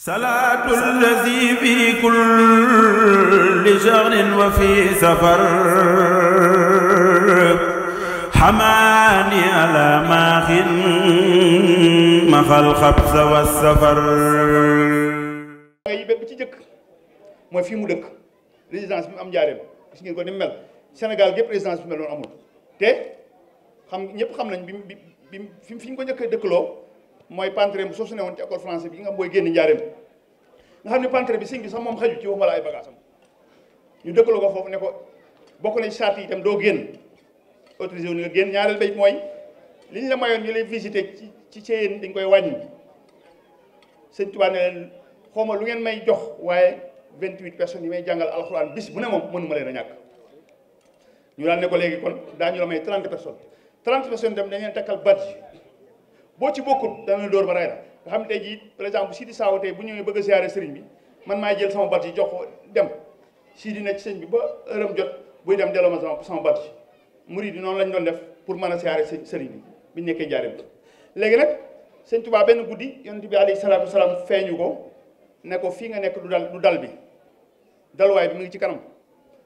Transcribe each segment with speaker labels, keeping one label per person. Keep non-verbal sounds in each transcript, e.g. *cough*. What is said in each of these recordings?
Speaker 1: صلاة الذي في كل شغل وفي سفر حماني على ماخ مخ الخبز والسفر yi bépp ci jëkk mooy fii mu dëkk résidence bi mu am njaareem gis ngeen ko ni mu mel Sénégal gépp résidence bi mel noonu amul te xam ñëpp xam nañ bi bi fi ñu ko njëkkee dëkkloo mooy pantre bu sosu ne woon ci école français bi nga xam booy génn xam ne pantre bi sëñ bi sax moom xaju ci waxuma la ay bagaasam ñu dëkkaloo ko foofu ne ko bokk nañ charte yi itam doo génn autorisé wu génn ñaareel bayit mooy li ñu la mayoon ñu lay visité ci ci ceyeen dañ koy wàññi sëñ Tuubaa ne leen xawma lu ngeen may jox waaye 28 personnes yi may jàngal alxuraan bis bu ne moom mënuma leen a ñàkk ñu daal ne ko léegi kon daañu la may 30 personnes 30 personnes dem dañ leen takkal badge bo ci da dana door ba ray la xam tay ji par exemple Sidi Saw tay bu ñewé bëgg ziaré bi man jël sama bat jox ko dem Sidi nek ci bi ba ërëm jot bu dem delloo sama sama bat yi non lañ doon def pour mëna ziaré siyaare sëriñ bi biñ nekkee jaareem légui nak sëñ Tuubaa benn guddi yonent bi alayhi salatu wassalam feñu ko ne ko fi nga nek du dal du dal bi way bi mi ngi ci kanam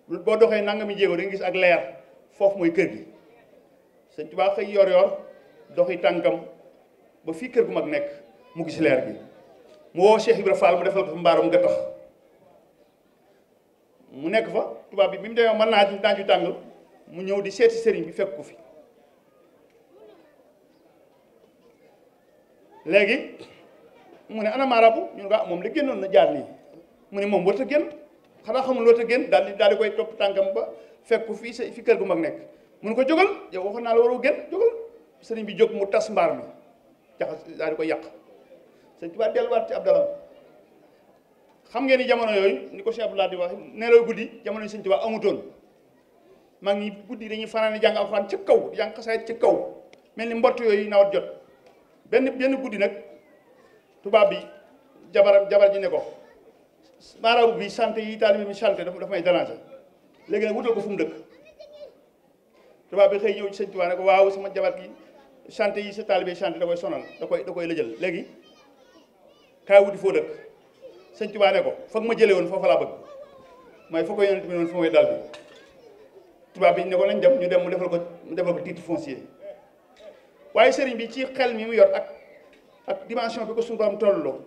Speaker 1: bo doxé nangami jéego di nga gis ak lèr fofu moy kër gi xey yor yor doxi ba fi kër gu mag nekk mu gis leer gi mu woo Cheikh Ibra Fall mu defal ko fa mbaaram nga tax mu nekk fa tubaab bi bi mu demee mën naa ci tàng mu ñëw di seeti sëriñ bi fekk ko fi léegi mu ne ana marabu ñu nga ah, moom la génnoon na jaar nii mu ne moom warut a génn xanaa xamul warut a génn daal di daal di koy topp tànkam ba fekk ko fii fi kër gu mag nekk mu ne ko jógal yow waxoon naa la waroo génn jógal sëriñ bi jóg mu tas mbaar mi jaxas daal di koy yàq sëñ Tuubaa delluwaat ci ab dalam xam ngeen ni jamono yooyu ni ko Cheikh Abdoulaye di waxe nelaw guddi jamono yi sëñ Tuubaa amutoon mag ñi guddi dañuy fanaan jàng alxuraan ci kaw jàng xasaayit ci kaw mel ni mbott yooyu nawet jot benn benn guddi nag tubaab bi jabar jabar ji ne ko maarabu bi santé yi taalibe bi santé dafa may déranger léegi nag wutal ko fu dëkk tubaab bi xëy ñëw ci sëñ ne ko waaw sama jabar gi chante yi sa taalibe chanté da koy sonal da koy da koy la jël léegi kaay wuti foo dëkk sëñ Tuubaa ne ko foog ma jëlee woon foofa laa bëgg mooy foo ko yonent bi noonu foo tubaab bi ne ko nañ dem ñu dem mu defal ko mu defal ko titre foncier waaye sëriñ bi ci xel mi mu yor ak ak dimension bi ko suñu borom tolloo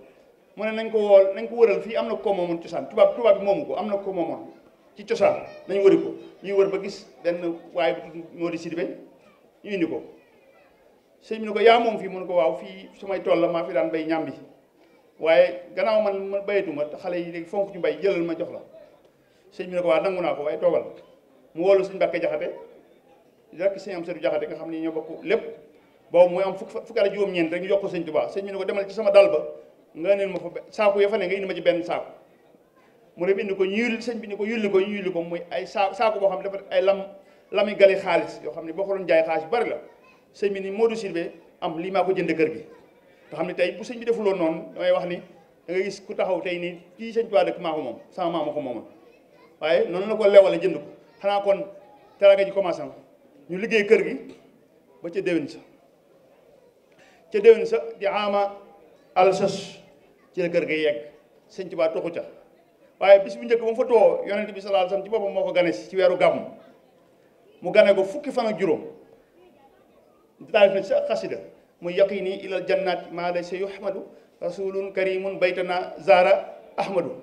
Speaker 1: mu ne nañ ko wool nañ ko wëral fii am na ko moomoon cosaan tubaab tubaab bi moomu ko am na ko moomoon ci cosaan nañ wëri ko ñuy wër ba gis benn waaye moo ko sëñ bi ko ya mom fi mon ko waw fi sumay tool ma fi dan bay ñambi waye ganaw man ma bayatuma xalé yi léegi fonku ñu bay jëlal ma jox la sëñ bi ko wa nangu naa ko waaye toogal mu wolu suñ mbàkke jaxate rek sëñ am seru jaxate nga xamni ñoo bokku lepp bo mu am fukk fukki at juróom-ñeent rek ñu jox ko sëñ Tuubaa sëñ ko demal ci sama dal ba nga neen ma fa saaku ya fa ne nga indi ma ci ben saaku mu ne bindu ko ñuul sëñ bi ni ko yulli ko ñu ko muy ay saaku bo xam dafa ay lam lami gali xaaliss yo xamni ne boo jaay xaaliss bari la sëñ bi ni Modou Sylvé am lii maa ko jënd kër gi nga xam ne tey bu sëñ bi defuloon noonu damay wax ni da gis ku taxaw tey nii kii sëñ Tuubaa dëkk maa ko moom sama maa ma ko moomal waaye noonu la ko lewale jënd ko xanaa kon teraanga ji commencé na ñu liggéey kër gi ba ca déwén sa ca déwén sa di ama alsas ci la kër ga yegg sëñ Tuubaa toxu ca waaye bis bu njëkk ba fa too yonent bi sallallahu alayhi wasallam ci boppam moo ko gane si ci weeru gàmm mu gane ko fukki fan juróom taalif na ci xasida mu yaqini ilal jannaati maa lay sa yuhmadu baytana zara ahmadu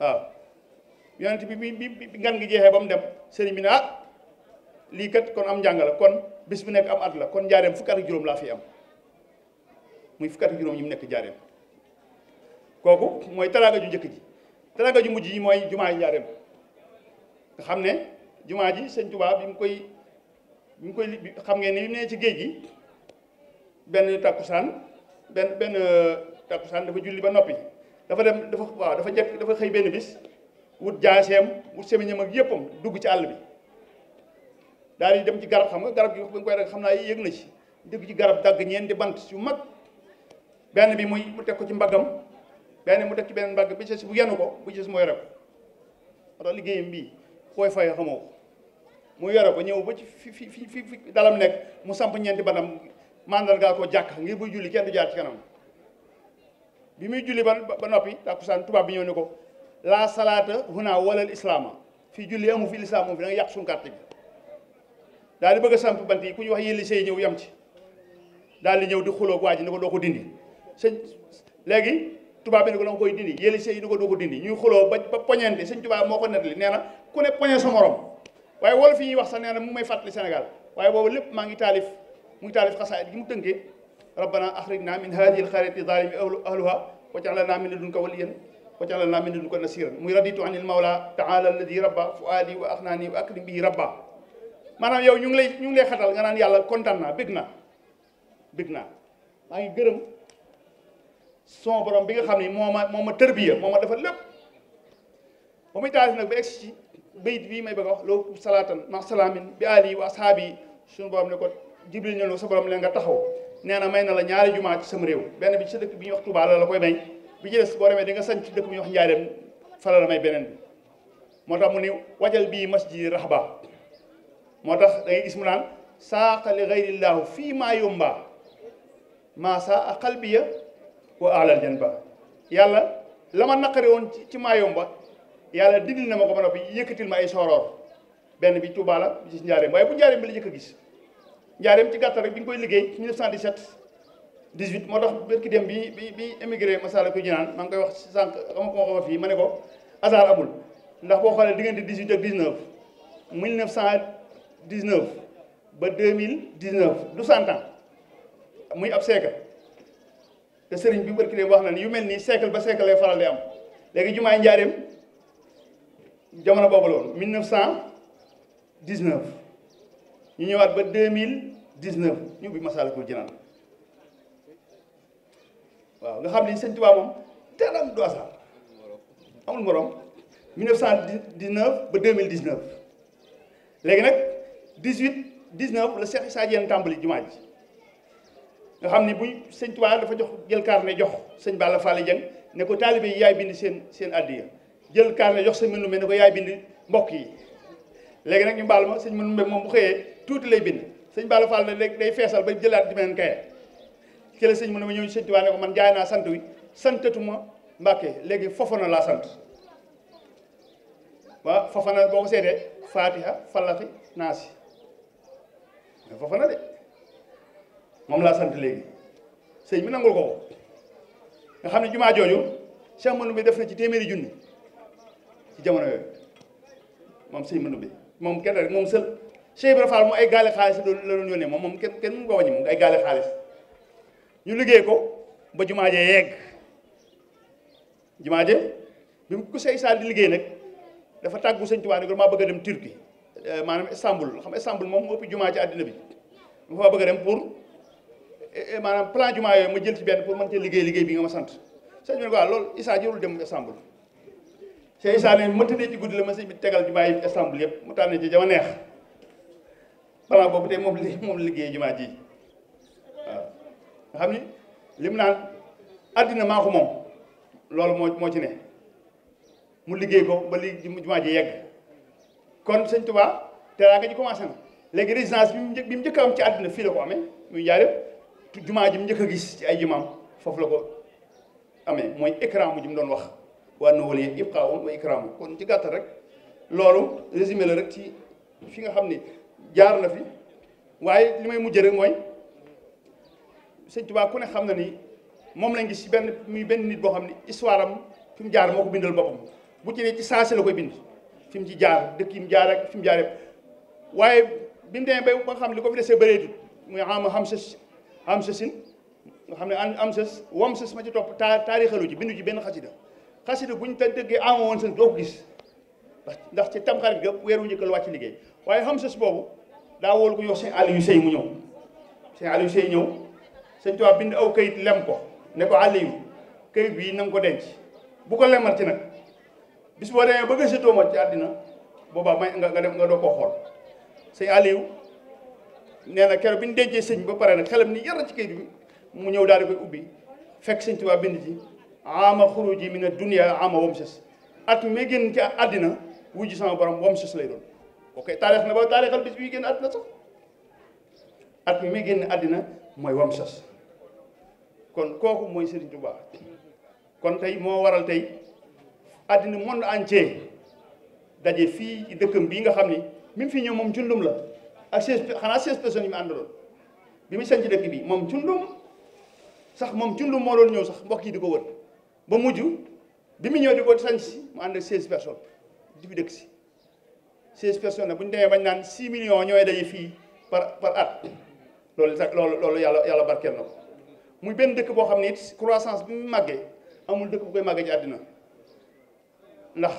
Speaker 1: waaw yonent bi bi bi ngan gi jeexee ba mu dem sëriñ bi ne ah, lii kat kon am njàng la kon bis bu nekk am at la kon njaareem fukki juróom laa fi am muy fukki at ak juróom yi mu nekk njaareem kooku mooy taraga njëkk ji taraga mujj yi mooy jumaa yi njaareem nga xam ne jumaa ji sëñ Tuubaa bi mu koy ñu ngi koy xam ngeen ni bi mu nee ci géej gi benn takkusaan benn benn euh, takkusaan dafa julli ba noppi dafa dem dafa waaw dafa jekk dafa xëy benn bis wut jaaseem wut semiñam ak yëppam dugg ci àll bi daal di dem ci garab xam nga garab gi ba nga koy rek xam naa yëg na ci dugg ci garab dagg ñeenti bant yu mag benn bi muy mu teg ko ci mbaggam benn mu teg ci benn mbagg bi ci bu yenu ko bu ci mooy rek moo tax liggéeyam bii koy fay xamoo ko mu yore ko ñëw ba ci fi fi fi fi dalam nekk mu samp ñeenti banam mandargaal ko jàkk ngir buy julli kenn du jaar ci kanam bi muy julli ba noppi tàkkusaan tubaab bi ñoo ne ko la salaata huna walal islaama fii julli amu fi lislaam moom fi da nga yàq suñu carte bi daal di bëgg ñu wax yëlli sey ñëw yam ci daal di ñëw di xuloo waa ji ne ko doo ko dindi sëñ léegi tubaab bi ne ko da nga koy dindi yëlli sey ni ko doo ko dindi ñuy xuloo ba ba poñente sëñ tubaab moo ko nettali nee na ku ne poñe sa morom waaye wolof yi ñuy wax sax nee na mu may fàttali Sénégal waaye boobu lépp maa ngi taalif mu ngi taalif xasaayid gi mu tënkee rabbana axrijna min hadihi alxaarati zalimi ahluha waj'alna min ladunka waliyan waj'alna min ladunka nasiran muy raditu anil mawla taala alladi rabba fuaadi wa axnaani wa akrim bihi rabba maanaam yow ñu ngi lay ñu ngi lay xatal nga naan yàlla kontaan naa bég naa bég naa maa ngi gërëm son borom bi nga xam ne moo ma moo ma tërbiya moo ma defal lépp ba muy taalif nag ba egsi ci بيت بي ماي باغا لو صلاتن ما سلامين بالي واصحابي سون بام نكو جبريل نلو سبرم لنغا تاخو نانا ماينا لا نياري جمعه تي سم ريو بن بي شدك بي وقت بالا لا كوي باي بي جيس بوريمي ديغا سانت دك مي وخ نياريم فالا لا ماي بنن موتا مو وادال بي مسجد رحبا موتا داي اسم نان ساق لغير الله فيما يومبا يمبا ما سا قلبي واعلى الجنبه يلا لما نقرون تي ما يمبا yàlla dindi na ma ko ba noppi yëkkatil ma ay sooroor benn bi Touba la bi ci njaareem waaye bu njaareem bi la jëkk a gis njaareem ci gàttal rek bi ñu koy liggéey ci 1917 18 moo dem bi bi bi émigré Massalikul Jinaan maa ngi koy wax sànq ma fii ma ne ko hasard amul ndax boo xoolee diggante 18 ak 19 1919 ba 2019 du cent ans muy ab siècle te sëriñ bi bërki dem wax na ni yu mel nii siècle ba siècle lay faral di am léegi jumaay njaareem jamono boobu la woon 1919 ñu ñëwaat ba 2019 ñu bi Masaalikul Jinaan waaw nga xam ni sëñ Tuubaa moom am du asaar amul morom 1919 ba 2019 léegi nag 18 19 la Cheikh Issa Diène tàmbali jumaa ji nga xam ni buñ sëñ Tuubaa dafa jox jël carnet jox sëñ Balla Fally Dieng ne ko taalibe yaay bind seen seen addiya jël kaala jox sëñ Manoumbe ne ko yaay bind mbokk yi léegi nag ñu baal ma sëñ Manoumbe moom bu xëyee tuuti lay bind sëñ Balla Fall ne day feesal ba jëlaat di meneen kaye sëñ Manoumbe ñëw ñu sëñ Tuubaa ko man jaay naa sant wi santatuma Mbàkke léegi Fofana laa sant waaw Fofana boo ko seetee Fatiha Falati Naasi mais Fofana de moom laa sant léegi sëñ bi nangul ko ko nga xam ne jumaa jooju Cheikh Manoumbe def na ci téeméeri junni ci jamono yooyu moom sëñ mënu bi moom kenn rek moom sël Cheikh Ibrahima Fall mu ay gaale xaalis la doon yónnee moom moom kenn kenn mu ko wàññi moom ay gaale xaalis ñu liggéey ko ba jumaa jee yegg jumaa jee bi mu ko say saal di liggéey nag dafa tàggu sëñ Tuubaa ne ko maa bëgg dem Turquie eh, maanaam Istanbul xam Istanbul moom moo ëpp jumaa ci àddina bi ma fa bëgg dem pour eh, eh, maanaam plan jumaa yooyu ma jël ci benn pour mën cee bi nga ma sant sëñ bi loolu Issa jërul dem Istanbul Cheikh Issa ne mënta ne ci guddi la ma sëñ bi tegal jumaa yi Istanbul yëpp mu tànn ci jama neex balaa boobu tey moom li *laughs* moom liggéey jumaa ji waaw nga xam ni lim naan àddina maa moom loolu moo moo ci mu liggéey ko ba li jumaa ji yegg kon sëñ Touba teraanga ji commencé na léegi résidence bi mu bi mu am ci àddina fii la ko amee muy jaaree jumaa ji mu njëkk a gis ci ay jumaam foofu la ko amee mooy écran mu ji doon wax وأنه ولي إبقاء وإكرام كون تي غات رك لولو ريزومي لا رك تي فيغا خامني جار لا في واي لي موجي رك موي سيغ توبا كوني خامنا ني موم لا نغي سي بن مي بن نيت بو خامني استوارام فيم جار موكو بيندل بوبام بو تي ني تي سانسي لا كوي بيند جار دكيم جار اك جار واي بيم ديم باي با خام ليكو في ديسي بريت موي عام حمسس حمسسين ان امسس وامسس ما تي تاريخ لوجي بيندو جي بن خاصيده xasida bu ñu ta dëggee ama woon seen doo ko gis ndax ci tamxarit gëpp weeru njëkk la wàcc liggéey waaye xam sës boobu daa wóolu ko yow sëñ Aliou Seye mu ñëw sëñ Aliou Seye ñëw sëñ Tuubaa bind aw kayit lem ko ne ko Aliou kayit bii na nga ko denc bu ko lemal ci nag bis boo demee ba gëstoo ma ci àddina boobaa may nga nga dem nga doo koo xool sëñ Aliou nee na keroog bi ñu dencee sëñ ba pare nag xelam ni yar ci kayit bi mu ñëw daal di koy ubbi fekk sëñ Tuubaa bind ci ama xuruji min ad-dunya ama wamsas at mi gën ci adina wuji sama borom wamsas lay doon ok tarikh na ba al bis wi gën adina sax at mi gën adina moy wamsas kon koku moy Serigne Touba kon tay mo waral tay adina monde entier daje fi ci bi nga xamni fi ñew mom jundum la ak ses xana ses personnes yi mi andal bi sañ ci dëkk bi mom jundum sax mom jundum mo doon ñew sax mbokk yi diko ba mujj bi mu ñëw di ko sanc si mu ànd ak 16 personnes di fi dëkk si 16 personne bu ñu demee bañ naan 6 millions ñooy daje fii par par at loolu sax loolu loolu yàlla yàlla barkeel na ko muy benn dëkk boo xam ne it croissance bi mu màggee amul dëkk bu koy màggee ci àddina ndax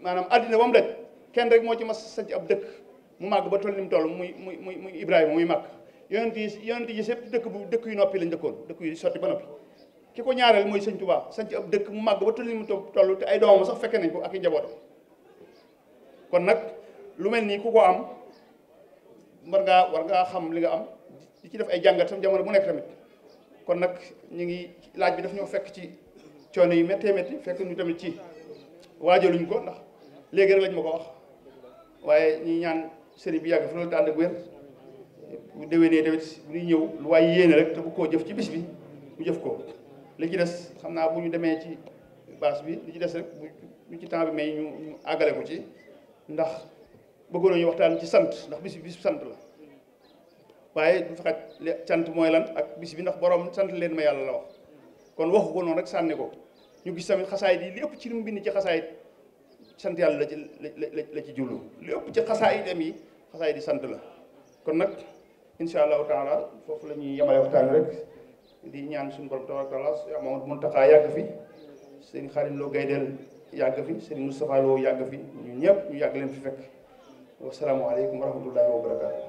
Speaker 1: maanaam àddina ba mu kenn rek moo ci mas sanc ab dëkk mu màgg ba toll ni mu toll muy muy muy muy Ibrahima muy màgg yonent yi yonent yi yëpp dëkk bu dëkk yu noppi lañ dëkkoon dëkk yu sotti ba noppi ki ko ñaareel mooy sëñ Tuubaa sanc ab dëkk mu màgg ba tulli mu toll te ay doomam sax fekke nañ ko ak i njabootam kon nag lu mel nii ku ko am war ngaa war xam li nga am di ci def ay jàngat sam jamono bu nekk tamit kon nag ñu ngi laaj bi daf ñoo fekk ci coono yu méttee métti fekk ñu tamit ci waajaluñ ko ndax léegi rek lañ ma ko wax waaye ñi ñaan sëriñ bi yàgg fi loolu ànd ak wér bu déwénee tamit bu ñuy ñëw lu waaye yéene rek te bu koo jëf ci bis bi jëf ko li ci des xam naa bu ñu demee ci baas bi li ci des rek bu ci temps bi may ñu ñu àggale ko ci ndax bëggoon ñu waxtaan ci sant ndax bis bi bis sant la waaye du fekk sant mooy lan ak bis bi ndax borom sant leen ma yàlla la wax kon waxu ko noonu rek sànni ko ñu gis tamit xasaayit yi li ëpp ci li mu bind ci xasaayit sant yàlla la ci la ci jublu li ëpp ci xasaayitam yi xasaayit yi sant la kon nag incha allahu taala foofu la ñuy yemale waxtaan rek. di ñaan suñu borom tabaaraka taala Cheikh Mamadou Mountakha yàgg fi sëriñ Xadim Lo Gaydel yàgg fi sëriñ Moustapha Lo yàgg fi ñun ñëpp ñu yàgg leen fi fekk wasalaamualeykum wa rahmatullahi wa barakaatu.